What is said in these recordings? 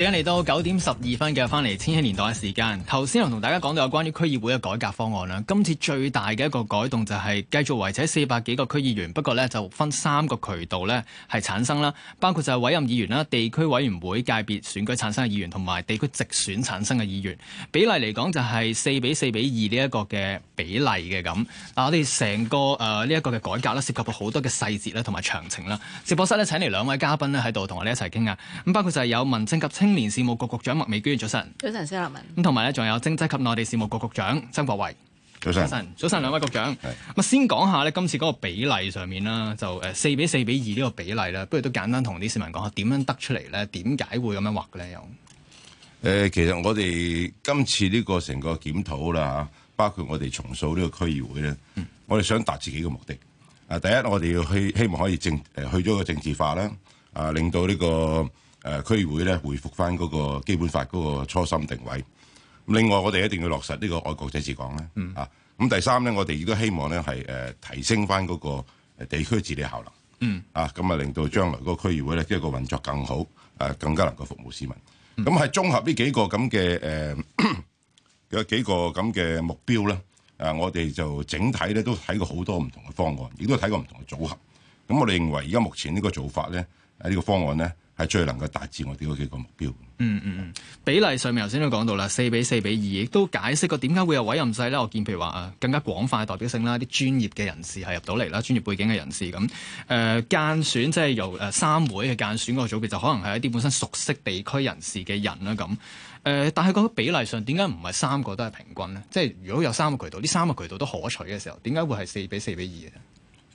而家嚟到九點十二分嘅，翻嚟千禧年代嘅時間。頭先又同大家講到有關於區議會嘅改革方案啦。今次最大嘅一個改動就係繼續維持四百幾個區議員，不過呢就分三個渠道呢係產生啦，包括就係委任議員啦、地區委員會界別選舉產生嘅議員，同埋地區直選產生嘅議員。比例嚟講就係四比四比二呢一個嘅比例嘅咁。嗱，我哋成個誒呢一個嘅改革呢，涉及到好多嘅細節啦，同埋詳情啦。直播室呢請嚟兩位嘉賓呢喺度同我哋一齊傾啊。咁包括就係有民政及青青年事務局局長麥美娟，早晨，早晨，謝立文。咁同埋咧，仲有政制及內地事務局局長曾國衞，早晨，早晨，早晨，兩位局長，咁啊，先講下咧，今次嗰個比例上面啦，就誒四比四比二呢個比例啦，不如都簡單同啲市民講下，點樣得出嚟咧？點解會咁樣畫嘅咧？又誒，其實我哋今次呢個成個檢討啦，包括我哋重塑呢個區議會咧，我哋想達自己嘅目的。啊，第一我哋要希希望可以政誒去咗個政治化啦，啊，令到呢個。誒、呃、區議會咧，回覆翻嗰個基本法嗰個初心定位。另外，我哋一定要落實呢個愛國者治港咧、嗯。啊，咁第三咧，我哋亦都希望咧係、呃、提升翻嗰個地區治理效能。嗯。啊，咁啊令到將來嗰個區議會咧，即、這、係個運作更好、呃，更加能夠服務市民。咁、嗯、係綜合呢幾個咁嘅幾個咁嘅目標咧、啊。我哋就整體咧都睇過好多唔同嘅方案，亦都睇過唔同嘅組合。咁我哋認為而家目前呢個做法咧，呢、這個方案咧。係最能夠達至我哋嗰幾個目標。嗯嗯嗯，比例上面頭先都講到啦，四比四比二，亦都解釋過點解會有委任制咧。我見譬如話啊，更加廣泛代表性啦，啲專業嘅人士係入到嚟啦，專業背景嘅人士咁。誒、呃、間選即係由誒、呃、三會嘅間選個組別，就可能係一啲本身熟悉地區人士嘅人啦咁。誒、呃，但係個比例上點解唔係三個都係平均咧？即係如果有三個渠道，呢三個渠道都可取嘅時候，點解會係四比四比二啊？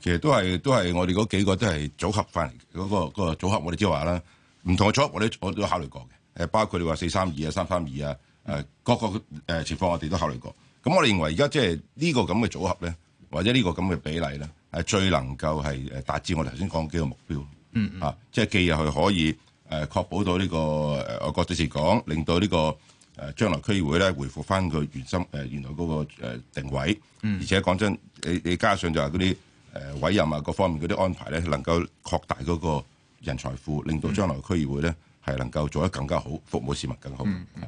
其實都係都係我哋嗰幾個都係組合翻嚟嗰個、嗰個組合我之，我哋即係話啦，唔同嘅組合我哋我都考慮過嘅，誒包括你話四三二啊、三三二啊，誒各個誒、呃、情況我哋都考慮過。咁我哋認為而家即係呢個咁嘅組合咧，或者呢個咁嘅比例咧，係、啊、最能夠係誒達至我頭先講幾個目標。嗯嗯。啊，即係既可以誒確保到呢、這個誒、呃、我郭董事講，令到呢、這個誒將、呃、來區議會咧回復翻佢原心誒、呃、原來嗰個誒定位。嗯、而且講真，你你加上就係嗰啲。誒委任啊，各方面嗰啲安排咧，能夠擴大嗰個人才庫，令到將來區議會咧係能夠做得更加好，服務市民更好。嗯嗯、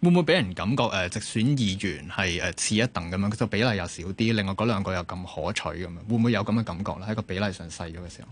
會唔會俾人感覺誒直、呃、選議員係誒次一等咁樣？就比例又少啲，另外嗰兩個又咁可取咁樣，會唔會有咁嘅感覺咧？喺個比例上細咗嘅時候，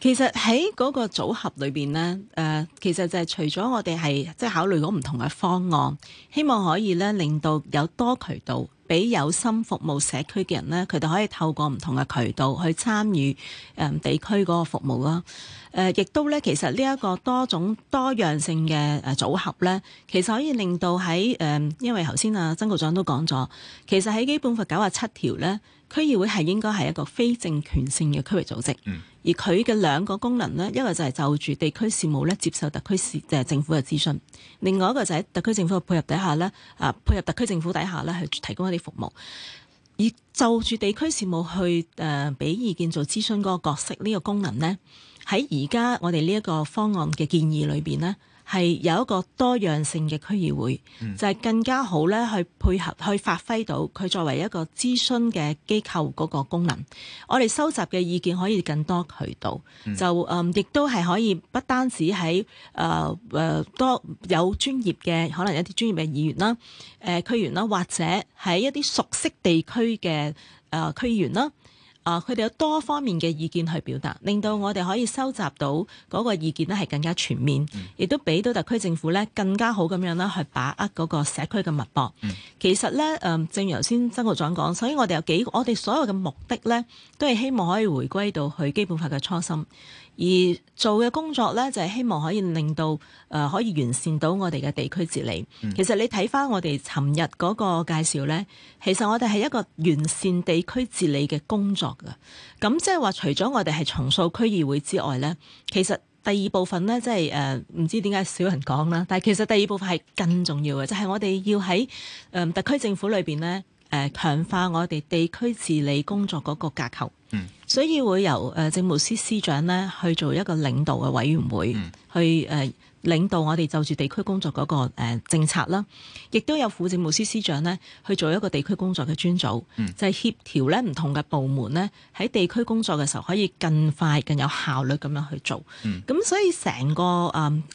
其實喺嗰個組合裏邊咧，誒、呃、其實就係除咗我哋係即係考慮到唔同嘅方案，希望可以咧令到有多渠道。俾有心服務社區嘅人呢，佢哋可以透過唔同嘅渠道去參與誒地區嗰個服務啦。誒、呃，亦都呢，其實呢一個多種多樣性嘅誒組合呢，其實可以令到喺誒、呃，因為頭先啊曾局長都講咗，其實喺基本法九啊七條呢。區議會係應該係一個非政權性嘅區域組織，嗯、而佢嘅兩個功能咧，一個就係就住地區事務咧接受特區市政府嘅諮詢，另外一個就係特區政府嘅配合底下咧，啊，配合特區政府底下咧去提供一啲服務，而就住地區事務去誒俾、呃、意見做諮詢嗰個角色呢、呢個功能咧，喺而家我哋呢一個方案嘅建議裏邊咧。係有一個多樣性嘅區議會，就係、是、更加好咧，去配合去發揮到佢作為一個諮詢嘅機構嗰個功能。我哋收集嘅意見可以更多渠道，就誒亦、嗯、都係可以不單止喺誒誒多有專業嘅可能一啲專業嘅議員啦、誒、呃、區員啦，或者喺一啲熟悉地區嘅誒區議員啦。啊！佢哋有多方面嘅意見去表達，令到我哋可以收集到嗰個意見咧，係更加全面，亦、嗯、都俾到特區政府呢更加好咁樣啦，去把握嗰個社區嘅脈搏、嗯。其實呢，呃、正如頭先曾局長講，所以我哋有幾個，我哋所有嘅目的呢，都係希望可以回歸到佢基本法嘅初心。而做嘅工作咧，就係、是、希望可以令到誒、呃、可以完善到我哋嘅地區治理、嗯。其實你睇翻我哋尋日嗰個介紹咧，其實我哋係一個完善地區治理嘅工作噶。咁即係話，除咗我哋係重塑區議會之外咧，其實第二部分咧，即係誒唔知點解少人講啦。但係其實第二部分係更重要嘅，就係、是、我哋要喺、呃、特區政府裏面咧。誒，強化我哋地區治理工作嗰個架構，所以會由誒政務司司長咧去做一個領導嘅委員會，去誒。領導我哋就住地區工作嗰個政策啦，亦都有副政務司司長咧去做一個地區工作嘅專組，嗯、就係協調咧唔同嘅部門咧喺地區工作嘅時候可以更快更有效率咁樣去做。咁、嗯、所以成個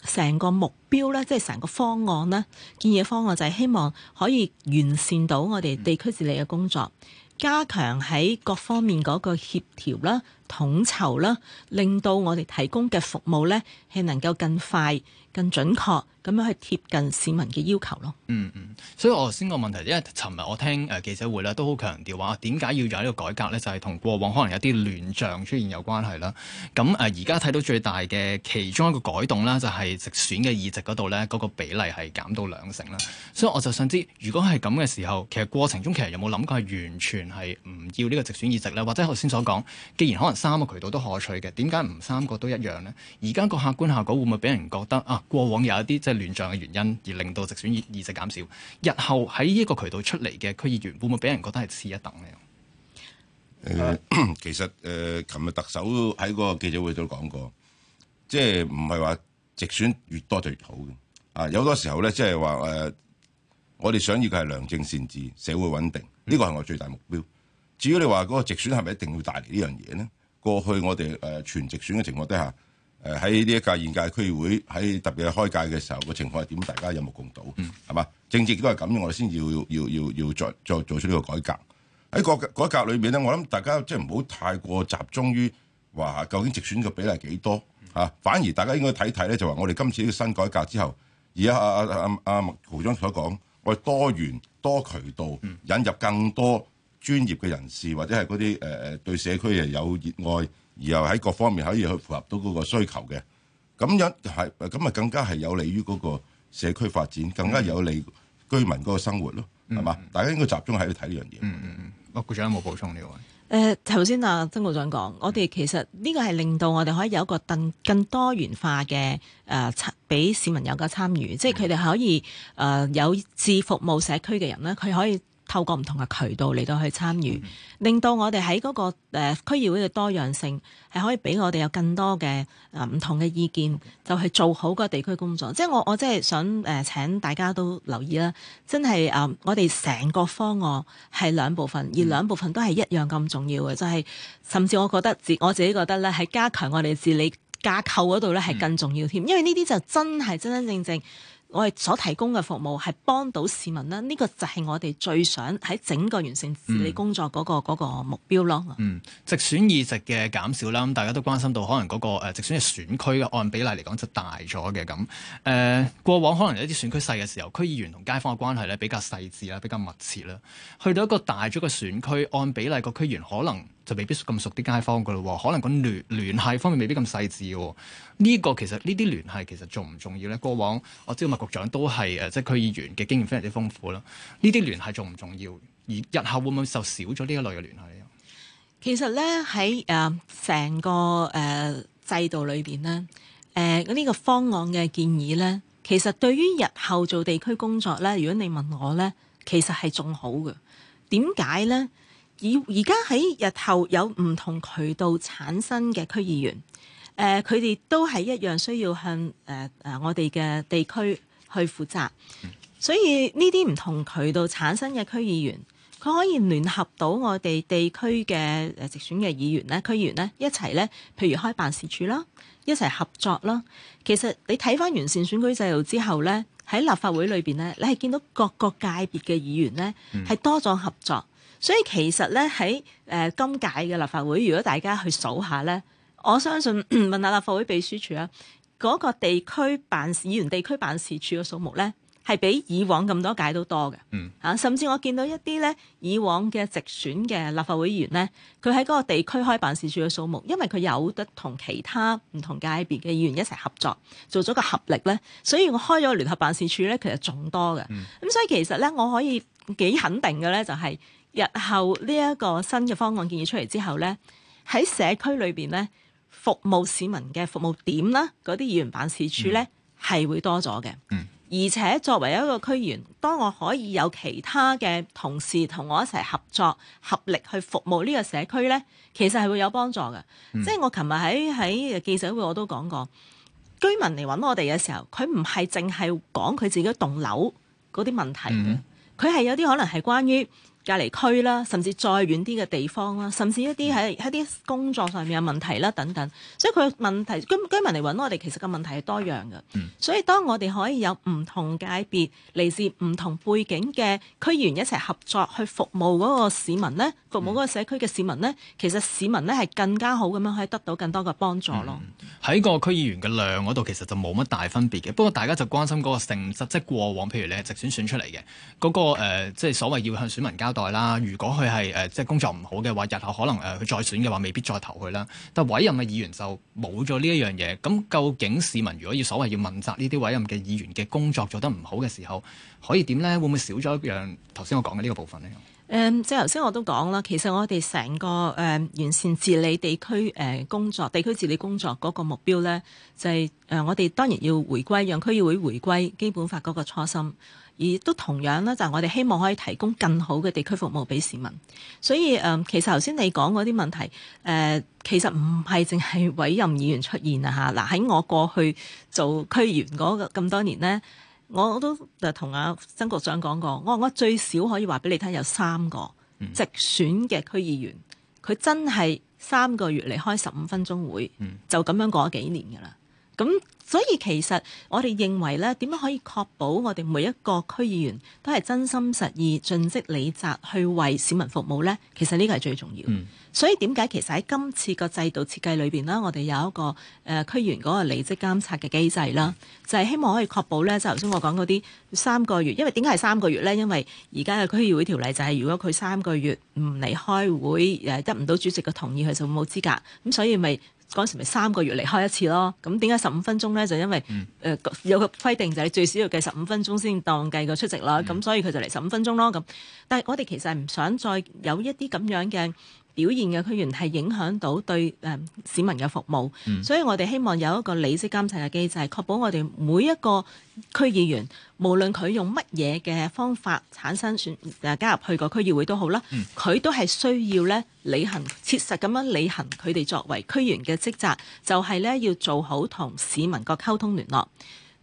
成、呃、個目標咧，即係成個方案咧，建議嘅方案就係希望可以完善到我哋地區治理嘅工作，加強喺各方面嗰個協調啦。統籌啦，令到我哋提供嘅服務咧係能夠更快、更準確咁樣去貼近市民嘅要求咯。嗯嗯，所以我頭先個問題，因為尋日我聽誒，記者會咧，都好強調話點解要有呢個改革咧，就係同過往可能有啲亂象出現有關係啦。咁誒而家睇到最大嘅其中一個改動啦，就係直選嘅議席嗰度咧，嗰個比例係減到兩成啦。所以我就想知，如果係咁嘅時候，其實過程中其實有冇諗過，係完全係唔要呢個直選議席咧？或者頭先所講，既然可能。三個渠道都可取嘅，點解唔三個都一樣呢？而家個客觀效果會唔會俾人覺得啊？過往有一啲即係亂象嘅原因，而令到直選議席減少。日後喺呢一個渠道出嚟嘅區議員，會唔會俾人覺得係次一等呢？呃呃、其實誒，琴、呃、日特首喺嗰個記者會都講過，即係唔係話直選越多就越好嘅啊？有好多時候咧，即係話誒，我哋想要嘅係良政善治、社會穩定，呢、這個係我最大目標。至於你話嗰個直選係咪一定要帶嚟呢樣嘢呢？過去我哋誒、呃、全直選嘅情況底下，誒喺呢一屆現屆區議會喺特別係開屆嘅時候嘅情況係點？大家有目共睹，係、嗯、嘛？政治都係咁樣，我哋先要要要要作作做，做出呢個改革。喺改改革裏面咧，我諗大家即係唔好太過集中於話究竟直選嘅比例幾多嚇、嗯啊，反而大家應該睇睇咧，就話我哋今次呢個新改革之後，而家阿阿阿阿麥局長所講，我哋多元多渠道引入更多。專業嘅人士或者係嗰啲誒誒對社區誒有熱愛，而又喺各方面可以去符合到嗰個需求嘅，咁樣係咁咪更加係有利於嗰個社區發展，更加有利於居民嗰個生活咯，係、嗯、嘛、嗯？大家應該集中喺度睇呢樣嘢。嗯嗯嗯，麥局長有冇補充呢？誒、呃，頭先啊，曾局長講、嗯，我哋其實呢、這個係令到我哋可以有一個更更多元化嘅誒俾市民有個參與、嗯，即係佢哋可以誒、呃、有志服務社區嘅人咧，佢可以。透過唔同嘅渠道嚟到去參與，令到我哋喺嗰個誒、呃、區議會嘅多樣性係可以俾我哋有更多嘅誒唔同嘅意見，就係做好個地區工作。即係我我真係想誒、呃、請大家都留意啦，真係誒、呃、我哋成個方案係兩部分，而兩部分都係一樣咁重要嘅，就係、是、甚至我覺得自我自己覺得咧，係加強我哋治理架構嗰度咧係更重要添、嗯，因為呢啲就真係真真正正。我哋所提供嘅服務係幫到市民啦，呢、這個就係我哋最想喺整個完善治理工作嗰個目標咯。嗯，直選議席嘅減少啦，咁大家都關心到，可能嗰個直選嘅選區嘅按比例嚟講就大咗嘅咁。誒、嗯，過往可能有一啲選區細嘅時候，區議員同街坊嘅關係咧比較細緻啦，比較密切啦，去到一個大咗嘅選區，按比例個區議員可能。就未必咁熟啲街坊噶咯，可能個聯聯繫方面未必咁細緻。呢、個其實呢啲聯繫其實重唔重要咧？過往我知道麥局長都係誒即係區議員嘅經驗非常之豐富啦。呢啲聯繫重唔重要？而日後會唔會受少咗呢一類嘅聯繫咧？其實咧喺誒成個誒、呃、制度裏邊咧，誒、呃、呢、個方案嘅建議咧，其實對於日後做地區工作咧，如果你問我咧，其實係仲好嘅。點解咧？而而家喺日後有唔同渠道產生嘅區議員，誒佢哋都係一樣需要向誒誒、呃、我哋嘅地區去負責，所以呢啲唔同渠道產生嘅區議員，佢可以聯合到我哋地區嘅誒直選嘅議員咧、區議員咧一齊咧，譬如開辦事處啦，一齊合作啦。其實你睇翻完，完善選舉制度之後咧，喺立法會裏邊咧，你係見到各個界別嘅議員咧係多咗合作。所以其實咧，喺、呃、今屆嘅立法會，如果大家去數下咧，我相信問下立法會秘書處啦、啊，嗰、那個地區辦事議員地區辦事處嘅數目咧，係比以往咁多屆都多嘅。嗯、啊，甚至我見到一啲咧，以往嘅直選嘅立法會議員咧，佢喺嗰個地區開辦事處嘅數目，因為佢有得同其他唔同界別嘅議員一齊合作做咗個合力咧，所以我開咗聯合辦事處咧，其實仲多嘅。咁、嗯、所以其實咧，我可以幾肯定嘅咧，就係、是。日後呢一個新嘅方案建議出嚟之後呢，喺社區裏邊呢，服務市民嘅服務點啦，嗰啲議員辦事處呢係、嗯、會多咗嘅。嗯，而且作為一個區員，當我可以有其他嘅同事同我一齊合作、合力去服務呢個社區呢，其實係會有幫助嘅、嗯。即係我琴日喺喺記者會我都講過，居民嚟揾我哋嘅時候，佢唔係淨係講佢自己一棟樓嗰啲問題，佢、嗯、係有啲可能係關於。隔離區啦，甚至再遠啲嘅地方啦，甚至一啲喺一啲工作上面嘅問題啦等等，所以佢問題居居民嚟揾我哋其實個問題係多樣嘅、嗯。所以當我哋可以有唔同界別嚟自唔同背景嘅區議員一齊合作去服務嗰個市民呢，服務嗰個社區嘅市民呢、嗯，其實市民呢係更加好咁樣可以得到更多嘅幫助咯。喺、嗯、個區議員嘅量嗰度其實就冇乜大分別嘅，不過大家就關心嗰個成績，即係過往譬如你係直選選出嚟嘅嗰個、呃、即係所謂要向選民交代啦，如果佢係誒即係工作唔好嘅話，日後可能誒佢、呃、再選嘅話，未必再投佢啦。但委任嘅議員就冇咗呢一樣嘢。咁究竟市民如果要所謂要問責呢啲委任嘅議員嘅工作做得唔好嘅時候，可以點咧？會唔會少咗一樣頭先我講嘅呢個部分咧？誒、嗯，即係頭先我都講啦，其實我哋成個誒、呃、完善治理地區誒、呃、工作，地區治理工作嗰個目標咧，就係、是、誒、呃、我哋當然要回歸，讓區議會回歸基本法嗰個初心。而都同樣咧，就係、我哋希望可以提供更好嘅地區服務俾市民。所以誒、呃，其實頭先你講嗰啲問題，誒、呃、其實唔係淨係委任議員出現啊嚇。嗱，喺我過去做區議員嗰個咁多年咧，我都就同阿曾局長講過，我我最少可以話俾你聽，有三個直選嘅區議員，佢真係三個月嚟開十五分鐘會，就咁樣過咗幾年㗎啦。咁所以其實我哋認為咧，點樣可以確保我哋每一個區議員都係真心實意盡職履責去為市民服務咧？其實呢個係最重要。嗯，所以點解其實喺今次個制度設計裏邊啦，我哋有一個、呃、區議員嗰個履職監察嘅機制啦，就係、是、希望可以確保咧，就頭先我講嗰啲三個月，因為點解係三個月咧？因為而家嘅區議會條例就係、是、如果佢三個月唔嚟開會誒，得唔到主席嘅同意，佢就冇資格咁，所以咪、就是。嗰時咪三個月離開一次咯，咁點解十五分鐘呢？就因為誒、嗯呃、有個規定就係最少要計十五分鐘先當計個出席啦，咁、嗯、所以佢就嚟十五分鐘咯。咁，但係我哋其實唔想再有一啲咁樣嘅。表現嘅區議員係影響到對誒市民嘅服務、嗯，所以我哋希望有一個履職監察嘅機制，就是、確保我哋每一個區議員，無論佢用乜嘢嘅方法產生選誒加入去個區議會都好啦，佢、嗯、都係需要咧履行切實咁樣履行佢哋作為區議員嘅職責，就係、是、咧要做好同市民個溝通聯絡。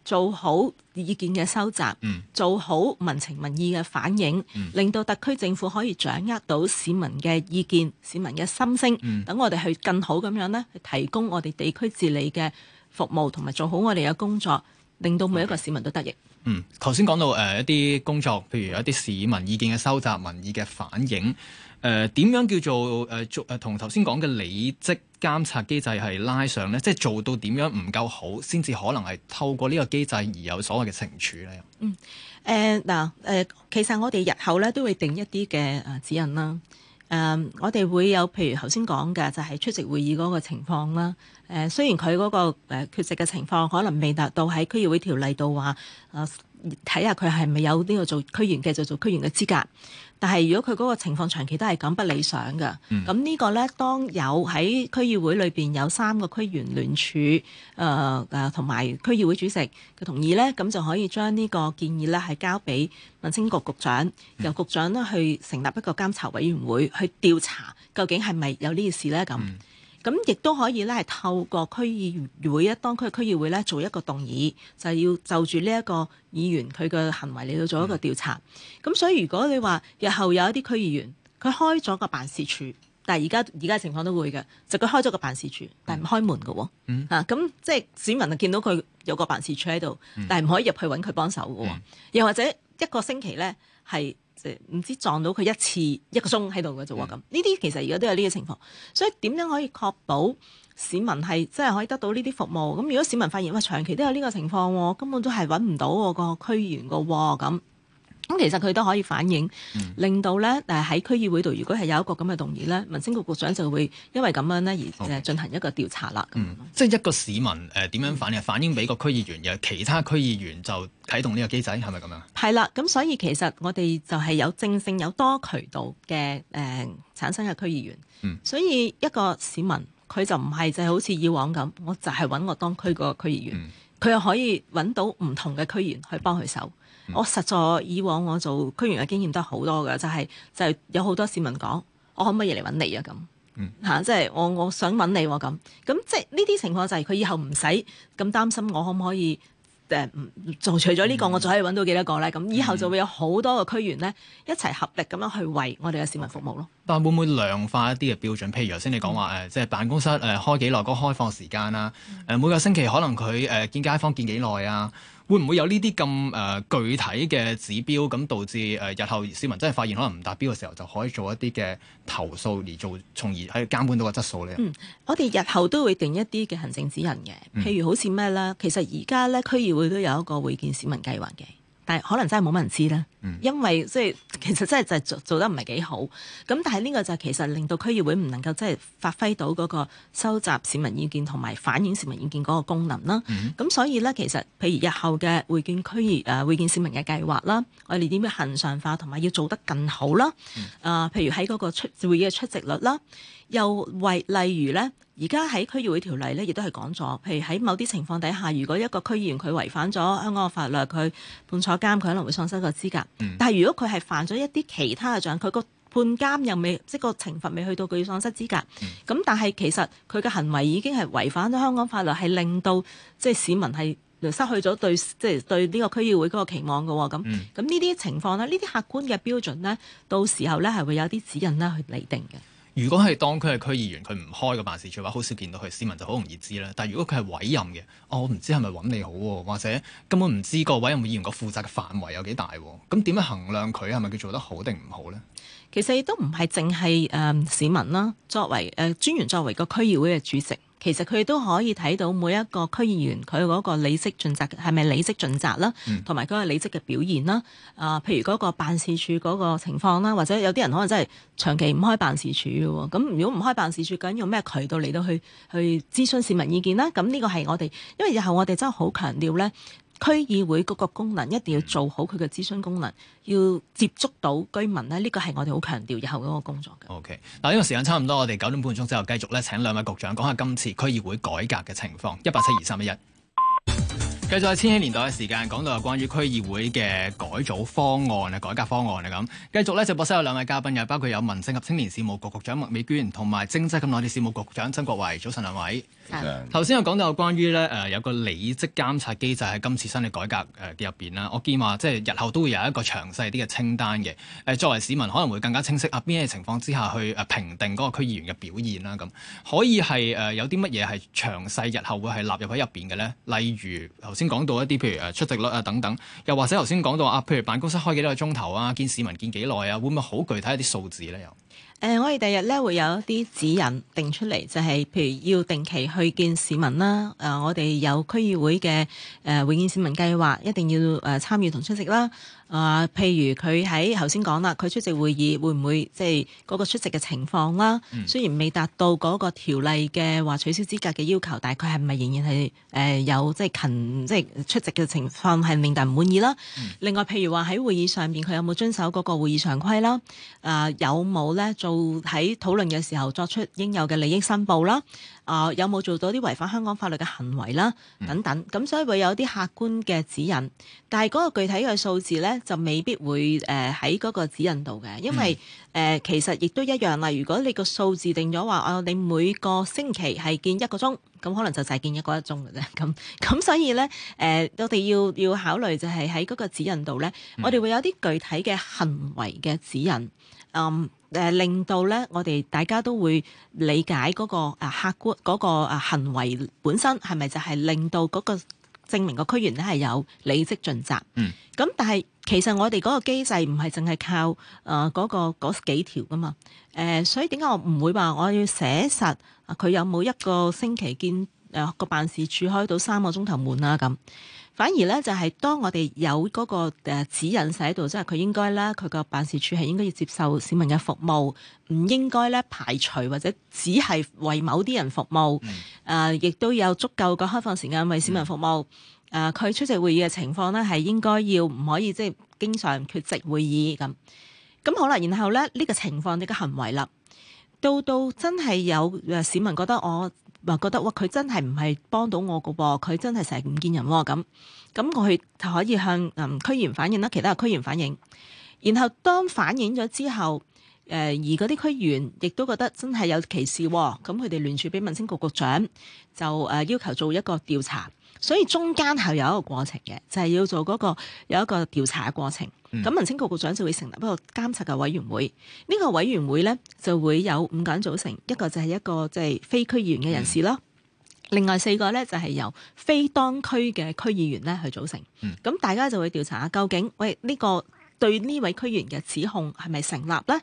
做好意見嘅收集、嗯，做好民情民意嘅反映、嗯，令到特區政府可以掌握到市民嘅意見、市民嘅心聲，等、嗯、我哋去更好咁樣呢，去提供我哋地區治理嘅服務同埋做好我哋嘅工作，令到每一個市民都得益。嗯，頭先講到誒一啲工作，譬如一啲市民意見嘅收集、民意嘅反映，誒、呃、點樣叫做誒做誒同頭先講嘅理職？監察機制係拉上咧，即係做到點樣唔夠好，先至可能係透過呢個機制而有所謂嘅懲處咧。嗯，誒嗱，誒其實我哋日後咧都會定一啲嘅誒指引啦。誒，我哋會有譬如頭先講嘅，就係出席會議嗰個情況啦。誒，雖然佢嗰個誒缺席嘅情況可能未達到喺區議會條例度話，誒睇下佢係咪有呢個做區員嘅，就做區員嘅資格。但係如果佢嗰個情況長期都係咁不理想嘅，咁、嗯、呢個咧，當有喺區議會裏邊有三個區議員、嗯、聯署，誒誒同埋區議會主席嘅同意咧，咁就可以將呢個建議咧係交俾民青局局長，嗯、由局長咧去成立一個監察委員會去調查，究竟係咪有呢件事咧咁。咁亦都可以咧，係透過區議會一當區區議會咧做一個動議，就係要就住呢一個議員佢嘅行為嚟到做一個調查。咁、嗯、所以如果你話日後有一啲區議員，佢開咗個辦事處，但係而家而家情況都會嘅，就佢開咗個辦事處，但係唔開門㗎喎、哦。咁、嗯啊、即係市民就見到佢有個辦事處喺度，但係唔可以入去揾佢幫手嘅喎。又或者一個星期咧係。唔知撞到佢一次一個鐘喺度嘅，就咁，呢、嗯、啲其實而家都有呢個情況，所以點樣可以確保市民係真係可以得到呢啲服務？咁如果市民發現哇，長期都有呢個情況，根本都係揾唔到個區員個咁。咁其實佢都可以反映，令到咧誒喺區議會度，如果係有一個咁嘅動議咧，民政局局長就會因為咁樣咧而誒進行一個調查啦。Okay. 嗯，即係一個市民誒點樣反映、嗯，反映俾個區議員，然後其他區議員就啟動呢個機制，係咪咁樣？係啦，咁所以其實我哋就係有正正有多渠道嘅誒、呃、產生嘅區議員，嗯。所以一個市民佢就唔係就係好似以往咁，我就係揾我當區個區議員，佢，嗯嗯、又可以揾到唔同嘅區議員去幫佢手。嗯我實在以往我做區員嘅經驗都好多嘅，就係、是、就係有好多市民講，我可唔可以嚟揾你啊？咁、嗯、嚇，即、啊、係、就是、我我想揾你喎、啊、咁，咁即係呢啲情況就係佢以後唔使咁擔心，我可唔可以誒、呃、做？除除咗呢個，我仲可以揾到幾多個咧？咁、嗯、以後就會有好多個區員咧一齊合力咁樣去為我哋嘅市民服務咯、嗯嗯嗯。但會唔會量化一啲嘅標準？譬如頭先你講話誒，即係辦公室誒開幾耐個開放時間啊？誒、嗯、每個星期可能佢誒見街坊見幾耐啊？會唔會有呢啲咁、呃、具體嘅指標，咁導致、呃、日後市民真係發現可能唔達標嘅時候，就可以做一啲嘅投訴而做，從而喺監管到個質素咧。嗯，我哋日後都會定一啲嘅行政指引嘅，譬如好似咩啦，其實而家咧區議會都有一個會見市民計劃嘅。但係可能真係冇乜人知啦，mm -hmm. 因為即係其實真係就係做做得唔係幾好，咁但係呢個就其實令到區議會唔能夠即係、就是、發揮到嗰個收集市民意見同埋反映市民意見嗰個功能啦。咁、mm -hmm. 所以咧，其實譬如日後嘅會見區議誒、呃、會見市民嘅計劃啦，我哋點樣恆常化同埋要做得更好啦。啊、mm -hmm. 呃，譬如喺嗰個出會議嘅出席率啦。又為例如咧，而家喺區議會條例咧，亦都係講咗，譬如喺某啲情況底下，如果一個區議員佢違反咗香港嘅法律，佢判坐監，佢可能會喪失個資格。嗯、但係如果佢係犯咗一啲其他嘅罪，佢個判監又未即、就是、個懲罰未去到佢要喪失資格，咁、嗯、但係其實佢嘅行為已經係違反咗香港法律，係令到即、係、市民係失去咗對即、係、對呢個區議會嗰個期望嘅。咁咁呢啲情況呢，呢啲客觀嘅標準呢，到時候呢係會有啲指引啦去釐定嘅。如果係當佢係區議員，佢唔開個辦事處嘅話，好少見到佢，市民就好容易知啦。但係如果佢係委任嘅，哦，我唔知係咪揾你好，或者根本唔知個委任議員個負責嘅範圍有幾大，咁點樣衡量佢係咪叫做得好定唔好呢？其實亦都唔係淨係市民啦，作為誒、呃、專員作為個區議會嘅主席，其實佢哋都可以睇到每一個區議員佢嗰個履職盡責係咪履職盡責啦，同埋佢嘅履職嘅表現啦。啊、呃，譬如嗰個辦事處嗰個情況啦，或者有啲人可能真係長期唔開辦事處嘅喎。咁如果唔開辦事處，究竟用咩渠道嚟到去去諮詢市民意見啦？咁呢個係我哋，因為以後我哋真係好強調咧。區議會嗰個功能一定要做好佢嘅諮詢功能，要接觸到居民咧，呢個係我哋好強調以後嗰個工作嘅。O K，嗱，呢個時間差唔多，我哋九點半鐘之後繼續咧，請兩位局長講下今次區議會改革嘅情況。一八七二三一一。繼續喺千禧年代嘅時間講到有關於區議會嘅改組方案啊，改革方案啊咁。繼續咧，直播室有兩位嘉賓嘅，包括有民政及青年事務局局長麥美娟，同埋政制及內地事務局局長曾國衞。早晨兩位。早晨。頭先有講到有關於咧誒，有個履職監察機制喺今次新嘅改革嘅入邊啦。我見話即係日後都會有一個詳細啲嘅清單嘅。誒、呃，作為市民可能會更加清晰啊，邊啲情況之下去誒評定嗰個區議員嘅表現啦咁。可以係誒、呃、有啲乜嘢係詳細日後會係納入喺入邊嘅呢？例如。先講到一啲譬如誒出席率啊等等，又或者頭先講到啊，譬如辦公室開幾多個鐘頭啊，見市民見幾耐啊，會唔會好具體一啲數字咧？又、呃、誒，我哋第日咧會有一啲指引定出嚟，就係、是、譬如要定期去見市民啦。誒、呃，我哋有區議會嘅誒、呃、會見市民計劃，一定要誒、呃、參與同出席啦。呃啊，譬如佢喺頭先講啦，佢出席會議會唔會即係嗰個出席嘅情況啦、嗯？雖然未達到嗰個條例嘅話取消資格嘅要求，但係佢係咪仍然係誒、呃、有即係、就是、勤即係、就是、出席嘅情況係令大家唔滿意啦、嗯？另外，譬如話喺會議上面，佢有冇遵守嗰個會議常規啦？啊，有冇咧做喺討論嘅時候作出應有嘅利益申報啦？啊，有冇做到啲違反香港法律嘅行為啦？等等，咁所以會有啲客觀嘅指引，但係嗰個具體嘅數字呢，就未必會誒喺嗰個指引度嘅，因為誒、呃、其實亦都一樣啦。如果你個數字定咗話，我、呃、你每個星期係見一個鐘，咁可能就淨係見一個一鐘嘅啫。咁咁所以呢，誒、呃，我哋要要考慮就係喺嗰個指引度呢，我哋會有啲具體嘅行為嘅指引。嗯，令到咧，我哋大家都會理解嗰個客觀嗰、嗰個行為本身係咪就係令到嗰個證明個區員咧係有理職盡責？嗯，咁但係其實我哋嗰個機制唔係淨係靠誒嗰、呃嗰個嗰幾條㗎嘛、呃，所以點解我唔會話我要寫實佢有冇一個星期見誒個、呃、辦事處開到三個鐘頭門啊咁？反而咧，就係當我哋有嗰個指引寫喺度，即係佢應該呢，佢個辦事處係應該要接受市民嘅服務，唔應該咧排除或者只係為某啲人服務。誒、嗯，亦、呃、都有足夠嘅開放時間為市民服務。誒、嗯，佢、呃、出席會議嘅情況咧，係應該要唔可以即係、就是、經常缺席會議咁。咁好啦，然後咧呢、呢個情況呢、呢個行為啦，到到真係有誒市民覺得我。話覺得哇，佢真係唔係幫到我噶喎，佢真係成日唔見人喎咁，咁我去就可以向嗯區議員反映啦，其他嘅區議員反映，然後當反映咗之後，呃、而嗰啲區議員亦都覺得真係有歧視，咁佢哋聯署俾民青局局長，就、呃、要求做一個調查。所以中間係有一個過程嘅，就係、是、要做嗰個有一個調查嘅過程。咁、嗯、民青局局長就會成立一個監察嘅委員會。呢、這個委員會咧就會有五個人組成，一個就係一個即係非區議員嘅人士咯、嗯。另外四個咧就係由非當區嘅區議員咧去組成。咁、嗯、大家就會調查下究竟，喂呢、這個對呢位區議員嘅指控係咪成立咧？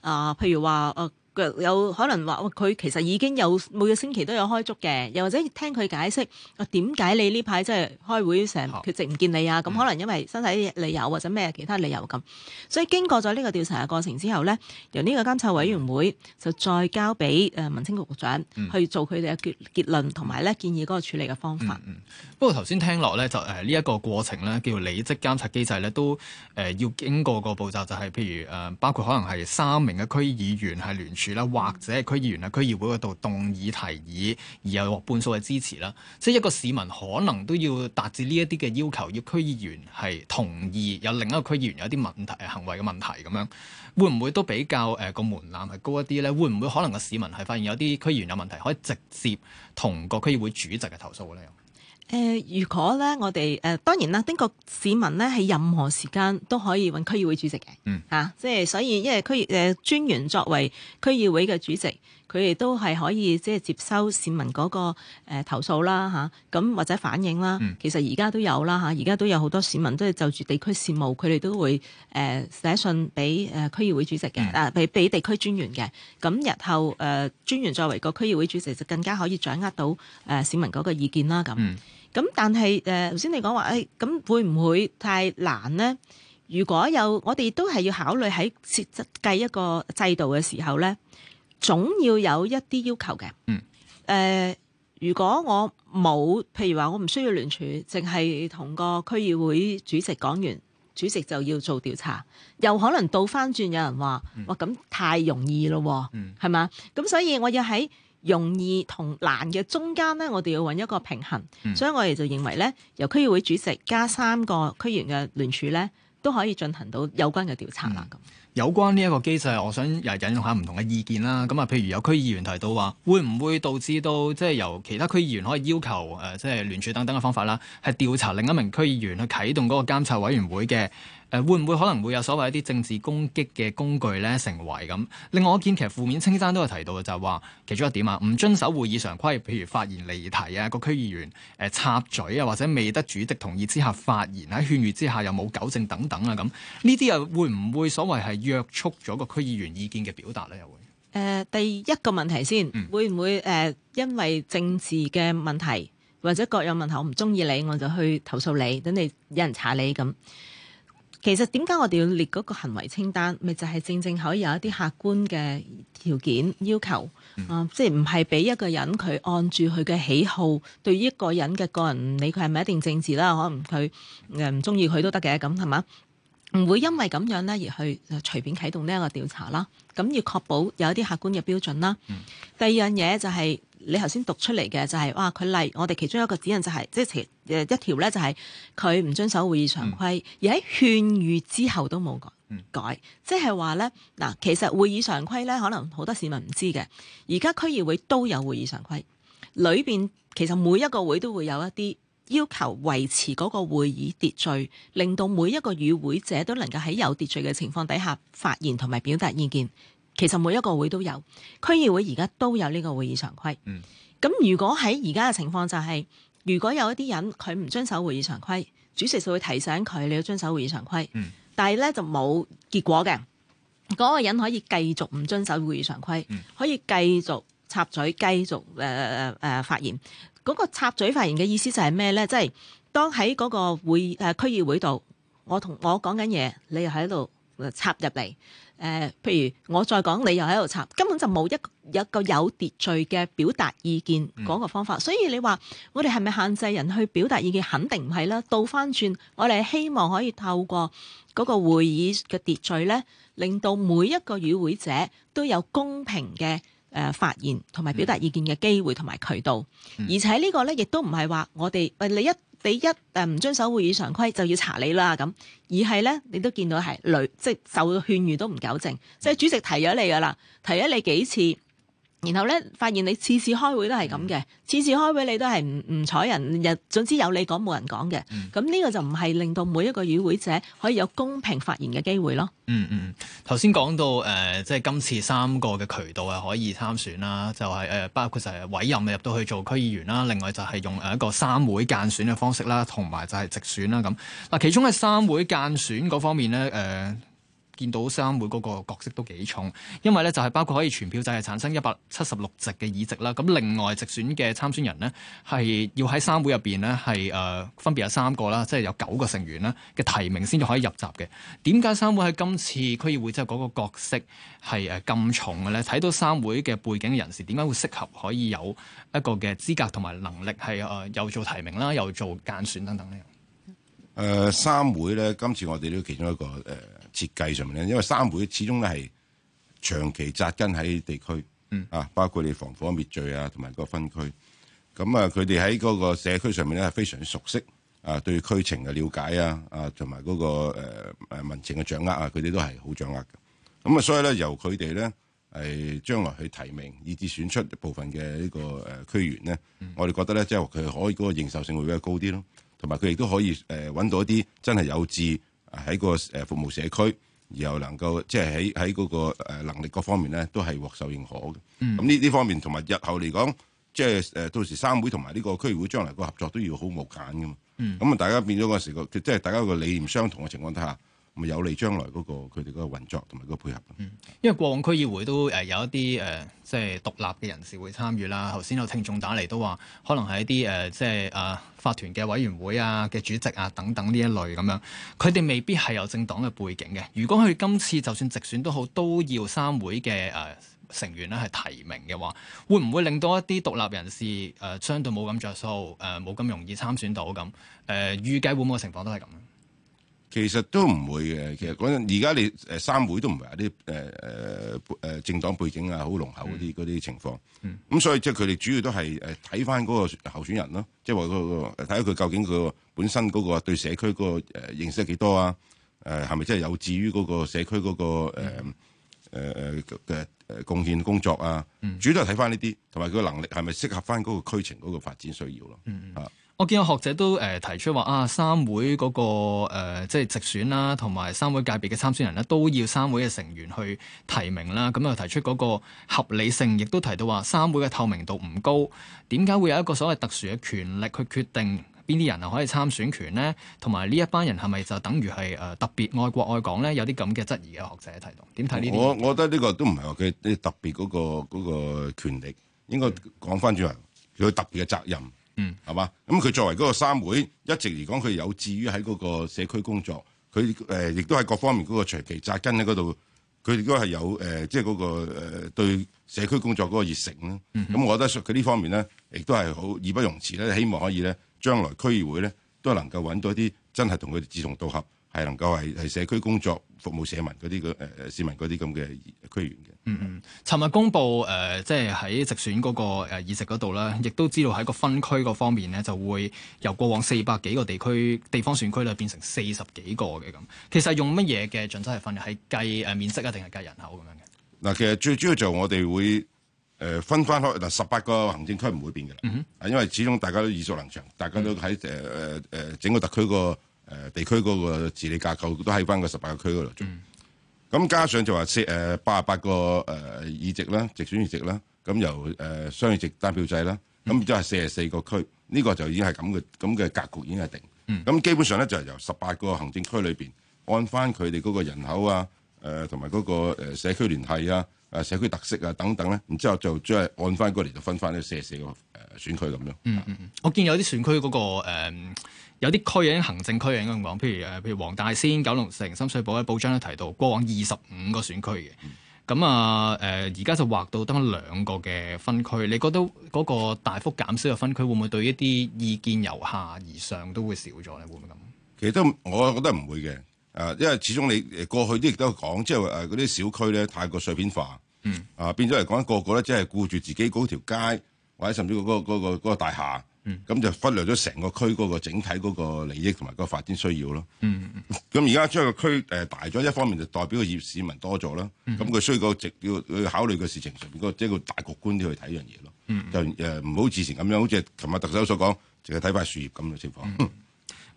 啊、呃，譬如話誒。呃有可能話佢其實已經有每個星期都有開足嘅，又或者聽佢解釋啊，點解你呢排即係開會成日缺席唔見你啊？咁可能因為身體理由或者咩其他理由咁。所以經過咗呢個調查嘅過程之後呢，由呢個監察委員會就再交俾誒民青局局長去做佢哋嘅結結論同埋咧建議嗰個處理嘅方法。嗯嗯嗯、不過頭先聽落呢，就誒呢一個過程呢，叫做履職監察機制咧都誒、呃、要經過個步驟，就係、是、譬如誒、呃、包括可能係三名嘅區議員係聯署。或者區議員喺區議會嗰度動議提議，而有半數嘅支持啦，即係一個市民可能都要達至呢一啲嘅要求，要區議員係同意，有另一個區議員有啲問題行為嘅問題咁樣，會唔會都比較誒個、呃、門檻係高一啲呢？會唔會可能個市民係發現有啲區議員有問題，可以直接同個區議會主席嘅投訴呢？誒、呃，如果咧，我哋誒、呃、當然啦，的確市民咧喺任何時間都可以搵區議會主席嘅，嚇、嗯啊，即係所以，因為區誒、呃、專員作為區議會嘅主席，佢哋都係可以即係接收市民嗰、那個、呃、投訴啦，咁、啊、或者反映啦、嗯，其實而家都有啦，而、啊、家都有好多市民都係就住地區事務，佢哋都會誒寫、呃、信俾誒區議會主席嘅，誒、呃，俾俾地區專員嘅，咁日後誒專、呃、員作為個區議會主席，就更加可以掌握到誒、呃、市民嗰個意見啦，咁。嗯。咁但係，誒、呃，頭先你講話，誒、哎，咁會唔會太難咧？如果有，我哋都係要考慮喺設計一個制度嘅時候咧，總要有一啲要求嘅。嗯。誒，如果我冇，譬如話我唔需要聯署，淨係同個區議會主席講完，主席就要做調查，又可能倒翻轉有人話、嗯，哇，咁太容易咯、哦，嗯，係嘛？咁所以我要喺。容易同難嘅中間呢，我哋要揾一個平衡，嗯、所以我哋就認為呢，由區議會主席加三個區議員嘅聯署呢，都可以進行到有關嘅調查啦、嗯。有關呢一個機制，我想又引用下唔同嘅意見啦。咁啊，譬如有區議員提到話，會唔會導致到即係、就是、由其他區議員可以要求誒，即係聯署等等嘅方法啦，係調查另一名區議員去啟動嗰個監察委員會嘅。誒會唔會可能會有所謂一啲政治攻擊嘅工具咧成為咁？另外，我見其實負面清單都有提到嘅，就係、是、話其中一點啊，唔遵守會議常規，譬如發言離題啊，個區議員誒插嘴啊，或者未得主席同意之下發言，喺勸喻之下又冇糾正等等啊，咁呢啲又會唔會所謂係約束咗個區議員意見嘅表達咧？又會誒第一個問題先，嗯、會唔會誒、呃、因為政治嘅問題或者各有問題，我唔中意你，我就去投訴你，等你有人查你咁？其實點解我哋要列嗰個行為清單，咪就係、是、正正可以有一啲客觀嘅條件要求，啊、嗯呃，即係唔係俾一個人佢按住佢嘅喜好，對於一個人嘅個人，唔理佢係咪一定政治啦，可能佢誒唔中意佢都得嘅，咁係嘛？唔會因為咁樣咧而去隨便啟動呢一個調查啦。咁、呃、要確保有一啲客觀嘅標準啦、呃嗯。第二樣嘢就係、是。你頭先讀出嚟嘅就係，哇！佢例我哋其中一個指引就係，即係誒一條咧就係佢唔遵守會議常規、嗯，而喺勸喻之後都冇改，嗯、即係話咧嗱，其實會議常規咧，可能好多市民唔知嘅。而家區議會都有會議常規，裏邊其實每一個會都會有一啲要求維持嗰個會議秩序，令到每一個與會者都能夠喺有秩序嘅情況底下發言同埋表達意見。其實每一個會都有區議會，而家都有呢個會議常規。咁如果喺而家嘅情況就係、是，如果有一啲人佢唔遵守會議常規，主席就會提醒佢你要遵守會議常規。但係咧就冇結果嘅，嗰、那個人可以繼續唔遵守會議常規，可以繼續插嘴，繼續誒、呃、誒、呃呃、發言。嗰、那個插嘴發言嘅意思是什麼呢就係咩咧？即係當喺嗰個會誒、呃、區議會度，我同我講緊嘢，你又喺度插入嚟。誒、呃，譬如我再講，你又喺度插，根本就冇一個有秩序嘅表達意見嗰個方法、嗯。所以你話我哋係咪限制人去表達意見？肯定唔係啦。倒翻轉，我哋希望可以透過嗰個會議嘅秩序咧，令到每一個與會者都有公平嘅誒發言同埋表達意見嘅機會同埋渠道。嗯、而且個呢個咧，亦都唔係話我哋你一。你一誒唔遵守會議常規，就要查你啦咁。而係呢，你都見到係女，即係受到勸喻都唔糾正，即係主席提咗你㗎啦，提咗你幾次。然後咧，發現你次次開會都係咁嘅，次、嗯、次開會你都係唔唔睬人，日總之有你講冇人講嘅，咁、嗯、呢個就唔係令到每一個與會者可以有公平發言嘅機會咯。嗯嗯，頭先講到、呃、即係今次三個嘅渠道啊，可以參選啦，就係、是呃、包括就係委任入到去做區議員啦，另外就係用一個三會間選嘅方式啦，同埋就係直選啦咁。嗱、嗯，其中喺三會間選嗰方面咧，誒、呃。見到三會嗰個角色都幾重，因為咧就係包括可以全票制係產生一百七十六席嘅議席啦。咁另外直選嘅參選人呢，係要喺三會入邊呢，係、呃、誒分別有三個啦，即係有九個成員咧嘅提名先至可以入閘嘅。點解三會喺今次區議會即係嗰個角色係誒咁重嘅咧？睇到三會嘅背景人士點解會適合可以有一個嘅資格同埋能力係誒又做提名啦，又做間選等等咧？誒、呃、三會咧，今次我哋都其中一個誒。呃設計上面咧，因為三會始終咧係長期扎根喺地區，啊、嗯，包括你防火滅罪啊，同埋個分區，咁啊，佢哋喺嗰個社區上面咧係非常之熟悉，啊，對區情嘅了解啊，啊，同埋嗰個誒民情嘅掌握啊，佢哋都係好掌握嘅。咁啊，所以咧由佢哋咧係將來去提名，以至選出部分嘅呢個誒區員咧，我哋覺得咧即係佢可以嗰個認受性會比較高啲咯，同埋佢亦都可以誒揾到一啲真係有志，喺個誒服務社區，又能夠即係喺喺嗰個能力各方面咧，都係獲受認可嘅。咁呢呢方面同埋日後嚟講，即係誒到時三會同埋呢個區議會將來個合作都要好無間嘅嘛。咁啊、嗯，大家變咗嗰時候，即係大家個理念相同嘅情況底下。有利將來嗰、那個佢哋嗰個運作同埋個配合、嗯。因為過往區議會都誒有一啲誒、呃，即係獨立嘅人士會參與啦。頭先有聽眾打嚟都話，可能係一啲誒、呃，即係誒、呃、法團嘅委員會啊、嘅主席啊等等呢一類咁樣。佢哋未必係有政黨嘅背景嘅。如果佢今次就算直選都好，都要三會嘅誒、呃、成員咧係提名嘅話，會唔會令到一啲獨立人士誒相對冇咁着數誒，冇、呃、咁容易參選到咁？誒、呃，預計會唔會嘅情況都係咁？其實都唔會嘅，其實嗰陣而家你三會都唔係有啲誒政黨背景啊，好濃厚嗰啲啲情況。咁、嗯嗯、所以即係佢哋主要都係睇翻嗰個候選人咯、啊，即係話睇下佢究竟佢本身嗰個對社區嗰個誒認識幾多啊？係咪真係有志於嗰個社區嗰、嗰個誒嘅、嗯呃呃、貢獻工作啊？嗯、主要都係睇翻呢啲，同埋佢嘅能力係咪適合翻嗰個區情嗰個發展需要咯、啊？嗯嗯我見有學者都誒提出話啊，三會嗰個誒即係直選啦，同埋三會界別嘅參選人咧，都要三會嘅成員去提名啦。咁啊，提出嗰個合理性，亦都提到話三會嘅透明度唔高，點解會有一個所謂特殊嘅權力去決定邊啲人啊可以參選權咧？同埋呢一班人係咪就等於係誒特別愛國愛港咧？有啲咁嘅質疑嘅學者提到，點睇呢？我我覺得呢個都唔係話佢特別嗰個嗰個權力，應該講翻轉話佢有特別嘅責任。嗯，係嘛？咁佢作為嗰個三會，一直嚟講佢有志於喺嗰個社區工作，佢誒、呃、亦都喺各方面嗰個長期扎根喺嗰度，佢亦都係有誒，即係嗰個誒、呃、對社區工作嗰個熱誠啦。咁、嗯、我覺得佢呢方面咧，亦都係好義不容辭咧，希望可以咧，將來區議會咧都能夠揾到一啲真係同佢哋志同道合，係能夠係係社區工作。服務社民嗰啲個誒誒市民嗰啲咁嘅區員嘅。嗯嗯，尋日公布誒，即係喺直選嗰個誒議席嗰度啦，亦都知道喺個分區嗰方面呢，就會由過往四百幾個地區地方選區咧變成四十幾個嘅咁。其實用乜嘢嘅準則嚟分咧？係計誒、呃、面積啊，定係計人口咁樣嘅？嗱，其實最主要就我哋會誒分翻開嗱，十、呃、八個行政區唔會變嘅啦、嗯。因為始終大家都耳熟能詳，大家都喺誒誒誒整個特區個。誒地區嗰個治理架構都喺翻個十八個區嗰度做，咁、嗯、加上就話四八十八個誒議席啦，直選議席啦，咁由誒雙議席單票制啦，咁之即係四十四個區，呢、呢個就已經係咁嘅咁嘅格局已經係定，咁、嗯、基本上咧就係由十八個行政區裏邊按翻佢哋嗰個人口啊，誒同埋嗰個誒社區聯繫啊，誒社區特色啊等等咧，然之後就即係按翻過嚟就分翻啲四十四個誒選區咁樣。嗯嗯我見有啲選區嗰、嗰個、呃有啲區嘅，行政區應該咁講，譬如誒，譬如黃大仙、九龍城、深水埗咧，報章都提到過往二十五個選區嘅，咁、嗯、啊誒，呃、而家就劃到得返兩個嘅分區。你覺得嗰個大幅減少嘅分區，會唔會對一啲意見由下而上都會少咗咧？會唔會咁？其實都我覺得唔會嘅，誒，因為始終你誒過去啲亦都講，即係誒嗰啲小區咧太過碎片化，嗯、啊變咗嚟講個個咧即係顧住自己嗰條街，或者甚至、嗰個嗰、嗰個、嗰個、嗰個大廈。咁、嗯、就忽略咗成個區嗰個整體嗰個利益同埋個發展需要咯。嗯嗯嗯。咁而家將個區誒大咗，一方面就代表個業市民多咗啦。嗯。咁佢需要個值要要考慮嘅事情上面個，即係個大局觀去睇樣嘢咯。嗯、就誒唔好之前咁樣，好似係琴日特首所講，淨係睇塊樹葉咁嘅情況。嗯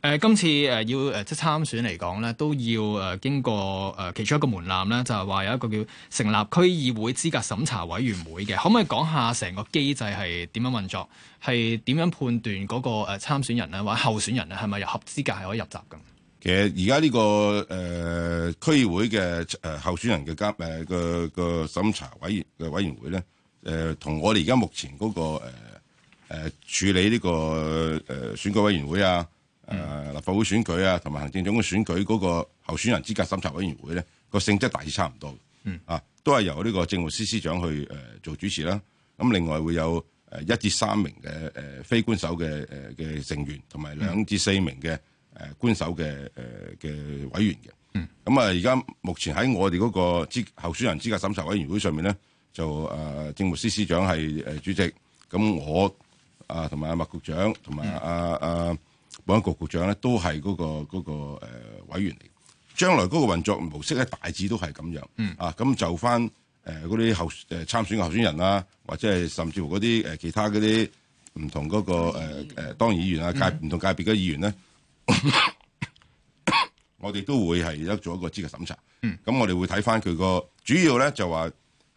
呃、今次要誒、呃、即係參選嚟講咧，都要誒、呃、經過、呃、其中一個門檻咧，就係、是、話有一個叫成立區議會資格審查委員會嘅，可唔可以講下成個機制係點樣運作，係點樣判斷嗰、那個參、呃、參選人咧或者候選人咧係咪有合資格係可以入閘咁？其實而家呢個誒、呃、區議會嘅、呃、候選人嘅監誒個審查委員嘅委員會咧，同、呃、我哋而家目前嗰、那個誒、呃、處理呢、這個誒、呃、選舉委員會啊，誒立法會選舉啊，同埋行政總會選舉嗰個候選人資格審查委員會咧，個性質大致差唔多。嗯啊，都係由呢個政務司司長去誒做主持啦。咁另外會有誒一至三名嘅誒非官守嘅誒嘅成員，同埋兩至四名嘅誒官守嘅誒嘅委員嘅。嗯。咁啊，而家目前喺我哋嗰個資候選人資格審查委員會上面咧，就誒政務司司長係誒主席。咁我啊同埋阿麥局長同埋阿阿。保安局局長咧都係嗰、那個嗰、那個誒、呃、委員嚟，將來嗰個運作模式咧大致都係咁樣，嗯、啊咁就翻誒嗰啲候誒參選嘅候選人啊，或者係甚至乎嗰啲誒其他嗰啲唔同嗰、那個誒誒、呃、當然議員啊界唔、嗯、同界別嘅議員咧，嗯、 我哋都會係一做一個資格審查，咁、嗯、我哋會睇翻佢個主要咧就話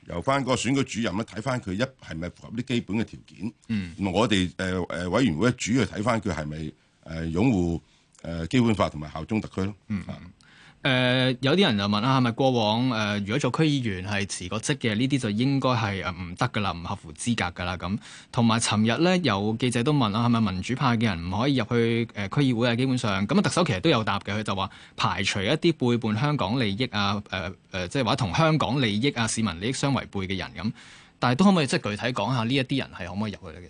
由翻個選舉主任咧睇翻佢一係咪符合啲基本嘅條件，嗯、我哋誒誒委員會主要睇翻佢係咪。誒擁護誒基本法同埋效忠特區咯。嗯誒、呃，有啲人就問啊，係咪過往誒、呃，如果做區議員係辭個職嘅呢啲，就應該係誒唔得噶啦，唔合乎資格噶啦咁。同埋尋日咧，有記者都問啦，啊，係咪民主派嘅人唔可以入去誒、呃、區議會啊？基本上咁啊，特首其實都有答嘅，佢就話排除一啲背叛香港利益啊誒誒、呃呃，即係話同香港利益啊市民利益相違背嘅人咁。但係都可唔可以即係具體講下呢一啲人係可唔可以入去咧？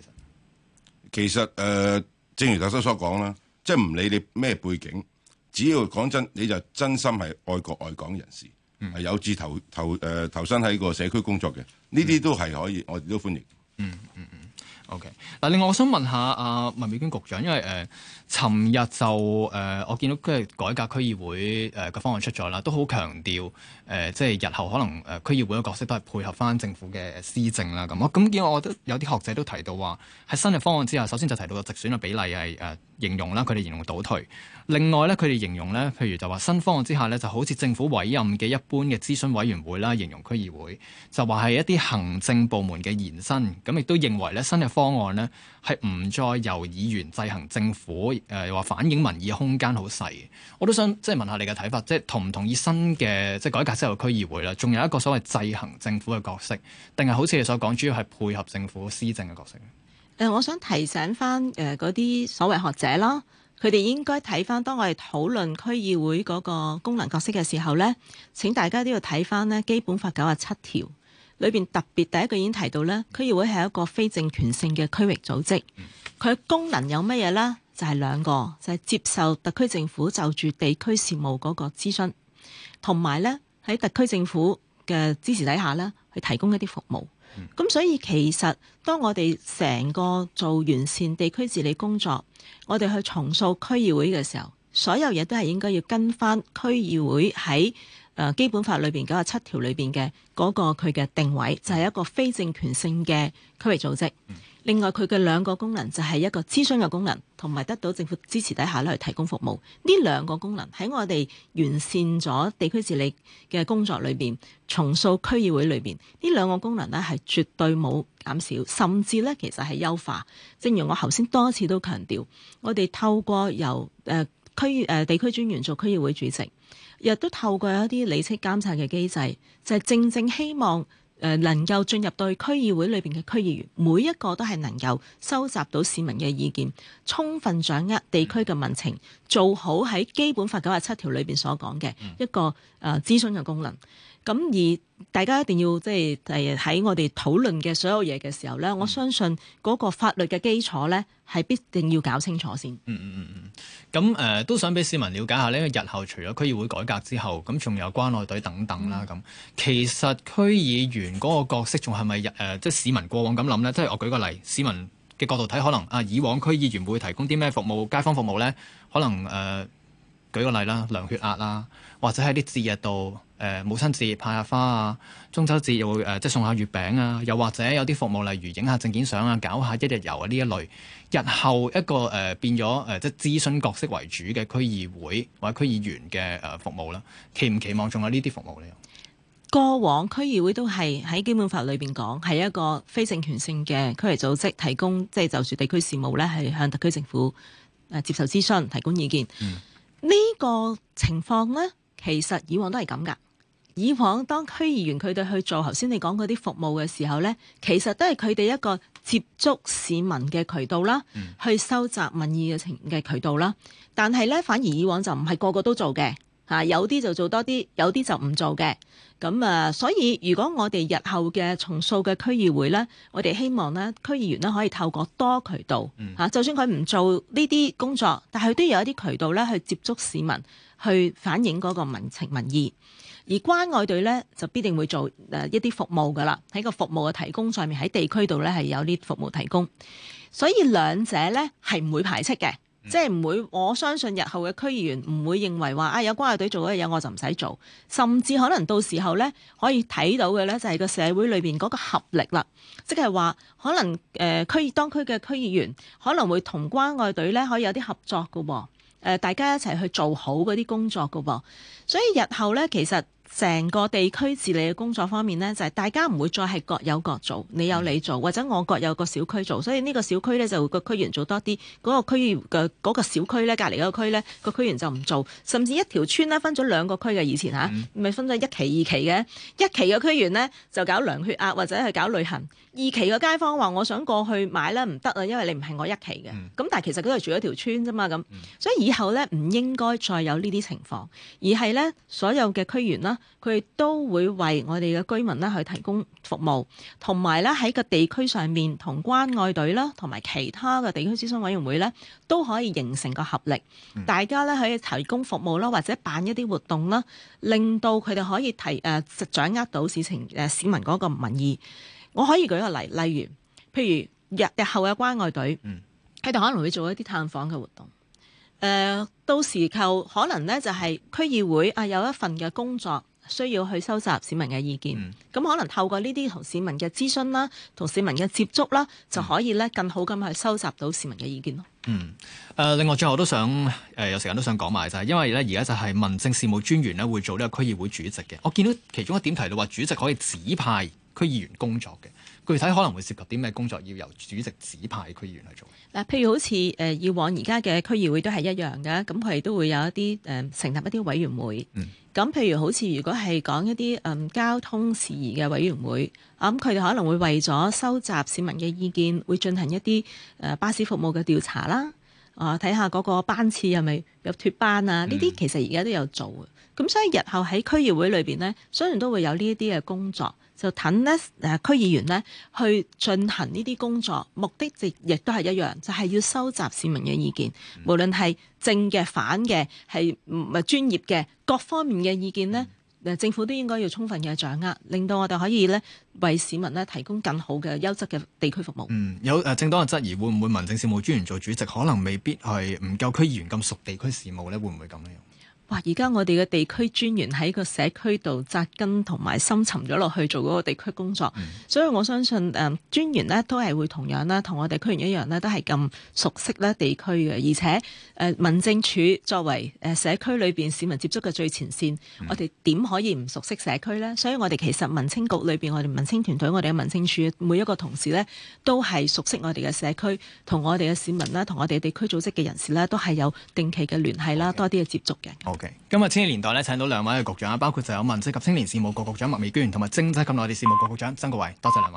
其實其實誒。呃正如特首所講啦，即係唔理你咩背景，只要講真，你就真心係愛國愛港人士，係、嗯、有志投投誒、呃、投身喺個社區工作嘅，呢啲都係可以，我哋都歡迎。嗯嗯嗯，OK。嗱，另外我想問下阿、啊、麥美娟局、局長，因為誒。呃尋日就誒、呃，我見到佢改革區議會誒嘅方案出咗啦，都好強調誒，即、呃、係、就是、日後可能誒區議會嘅角色都係配合翻政府嘅施政啦。咁咁見到我覺得有啲學者都提到話，喺新嘅方案之下，首先就提到個直選嘅比例係誒、呃、形容啦，佢哋形容倒退。另外咧，佢哋形容咧，譬如就話新方案之下咧，就好似政府委任嘅一般嘅諮詢委員會啦，形容區議會就話係一啲行政部門嘅延伸。咁亦都認為咧，新嘅方案呢，係唔再由議員制衡政府。誒，話反映民意嘅空間好細，我都想即係問下你嘅睇法，即係同唔同意新嘅即係改革之後區議會啦？仲有一個所謂制衡政府嘅角色，定係好似你所講，主要係配合政府施政嘅角色咧？誒，我想提醒翻誒，嗰啲所謂學者啦，佢哋應該睇翻。當我哋討論區議會嗰個功能角色嘅時候咧，請大家都要睇翻呢《基本法》九啊七條裏邊特別第一句已經提到咧，區議會係一個非政權性嘅區域組織，佢功能有乜嘢啦？就係、是、兩個，就係、是、接受特區政府就住地區事務嗰個諮詢，同埋咧喺特區政府嘅支持底下咧，去提供一啲服務。咁、嗯、所以其實當我哋成個做完善地區治理工作，我哋去重塑區議會嘅時候，所有嘢都係應該要跟翻區議會喺誒基本法裏邊九十七條裏邊嘅嗰個佢嘅定位，就係、是、一個非政權性嘅區域組織。嗯另外佢嘅兩個功能就係一個諮詢嘅功能，同埋得到政府支持底下咧去提供服務。呢兩個功能喺我哋完善咗地區治理嘅工作裏面，重塑區議會裏面。呢兩個功能咧係絕對冇減少，甚至咧其實係優化。正如我頭先多次都強調，我哋透過由區地區專員做區議會主席，亦都透過一啲履職監察嘅機制，就係正正希望。誒能夠進入到去區議會裏邊嘅區議員，每一個都係能夠收集到市民嘅意見，充分掌握地區嘅民情，做好喺基本法九十七條裏邊所講嘅一個誒諮詢嘅功能。咁而大家一定要即係喺我哋討論嘅所有嘢嘅時候咧，我相信嗰個法律嘅基礎咧係必定要搞清楚先。嗯嗯嗯嗯。咁、嗯、誒、呃、都想俾市民了解一下呢咧，日後除咗區議會改革之後，咁仲有關愛隊等等啦。咁其實區議員嗰個角色仲係咪誒即係市民過往咁諗咧？即係我舉個例，市民嘅角度睇，可能啊、呃、以往區議員會提供啲咩服務、街坊服務咧？可能誒。呃舉個例啦，量血壓啦，或者喺啲節日度，誒母親節派下花啊，中秋節又會誒、呃、即送下月餅啊，又或者有啲服務，例如影下證件相啊，搞下一日遊啊呢一類。日後一個誒、呃、變咗誒即諮詢角色為主嘅區議會或者區議員嘅誒服務啦，期唔期望仲有呢啲服務呢？過往區議會都係喺基本法裏邊講係一個非政權性嘅區域組織，提供即係就住地區事務咧，係向特區政府誒接受諮詢、提供意見。嗯。呢、呢個情況呢，其實以往都係咁噶。以往當區議員佢哋去做頭先你講嗰啲服務嘅時候呢，其實都係佢哋一個接觸市民嘅渠道啦、嗯，去收集民意嘅情嘅渠道啦。但係呢，反而以往就唔係個個都做嘅。嚇，有啲就做多啲，有啲就唔做嘅。咁啊，所以如果我哋日後嘅重塑嘅區議會咧，我哋希望咧區議員咧可以透過多渠道吓、嗯，就算佢唔做呢啲工作，但佢都有一啲渠道咧去接觸市民，去反映嗰個民情民意。而關愛隊咧就必定會做誒一啲服務噶啦，喺個服務嘅提供上面喺地區度咧係，有啲服務提供，所以兩者咧係唔會排斥嘅。即係唔會，我相信日後嘅區議員唔會認為話啊有關愛隊做嗰嘢，我就唔使做。甚至可能到時候呢可以睇到嘅呢就係、是、個社會裏面嗰個合力啦。即係話可能誒、呃、區當區嘅區議員可能會同關愛隊呢可以有啲合作㗎喎、呃。大家一齊去做好嗰啲工作㗎喎。所以日後呢，其實，成個地區治理嘅工作方面呢，就係大家唔會再係各有各做，你有你做，或者我各有個小區做，所以呢個小區呢，就個區員做多啲，嗰個區嘅嗰個小區呢隔離嗰個區呢個區員就唔做，甚至一條村呢，分咗兩個區嘅以前嚇，咪分咗一期二期嘅，一期嘅區員呢，就搞量血壓或者係搞旅行。二期嘅街坊話：我想過去買咧，唔得啊，因為你唔係我一期嘅。咁、嗯、但係其實佢係住咗條村啫嘛。咁、嗯、所以以後咧唔應該再有呢啲情況，而係咧所有嘅區員啦，佢都會為我哋嘅居民咧去提供服務，同埋咧喺個地區上面同關愛隊啦，同埋其他嘅地區諮詢委員會咧都可以形成個合力，嗯、大家咧可以提供服務啦，或者辦一啲活動啦，令到佢哋可以提誒、呃、掌握到市情、市民嗰個民意。我可以舉個例，例如譬如日日後嘅關愛隊，佢、嗯、哋可能會做一啲探訪嘅活動。誒、呃，到時靠可能呢，就係區議會啊，有一份嘅工作需要去收集市民嘅意見。咁、嗯、可能透過呢啲同市民嘅諮詢啦，同市民嘅接觸啦，就可以咧更好咁去收集到市民嘅意見咯。嗯。誒、呃，另外最後我都想誒、呃、有時間都想講埋就係，因為咧而家就係民政事務專員咧會做呢個區議會主席嘅。我見到其中一點提到話，主席可以指派。區議員工作嘅具體可能會涉及啲咩工作？要由主席指派區議員去做嗱，譬如好似誒以往而家嘅區議會都係一樣嘅，咁佢哋都會有一啲誒、呃、成立一啲委員會。咁、嗯、譬如好似如果係講一啲嗯交通事宜嘅委員會，啊咁佢哋可能會為咗收集市民嘅意見，會進行一啲誒、呃、巴士服務嘅調查啦。啊、呃，睇下嗰個班次係咪有脫班啊？呢、嗯、啲其實而家都有做嘅，咁所以日後喺區議會裏邊呢，雖然都會有呢一啲嘅工作。就等咧區議員呢去進行呢啲工作，目的亦亦都係一樣，就係、是、要收集市民嘅意見，無論係正嘅反嘅，係唔係專業嘅各方面嘅意見呢、嗯、政府都應該要充分嘅掌握，令到我哋可以呢為市民呢提供更好嘅優質嘅地區服務。嗯，有正當嘅質疑，會唔會民政事務專員做主席，可能未必係唔夠區議員咁熟地區事務呢？會唔會咁樣？哇！而家我哋嘅地區專員喺個社區度扎根同埋深沉咗落去做嗰個地區工作，嗯，所以我相信誒專、呃、員呢都係會同樣啦，同我哋區員一樣啦，都係咁熟悉咧地區嘅，而且誒、呃、民政處作為、呃、社區裏面市民接觸嘅最前線，嗯、我哋點可以唔熟悉社區呢？所以我哋其實民青局裏面、我哋民青團隊、我哋嘅民青處每一個同事呢都係熟悉我哋嘅社區，同我哋嘅市民啦，同我哋地區組織嘅人士啦，都係有定期嘅聯繫啦，多啲嘅接觸嘅。Okay. 今日青年年代咧，請到兩位嘅局長啊，包括就有文職及青年事務局局長麥美娟，同埋政制及內地事務局局長曾國衛，多謝兩位。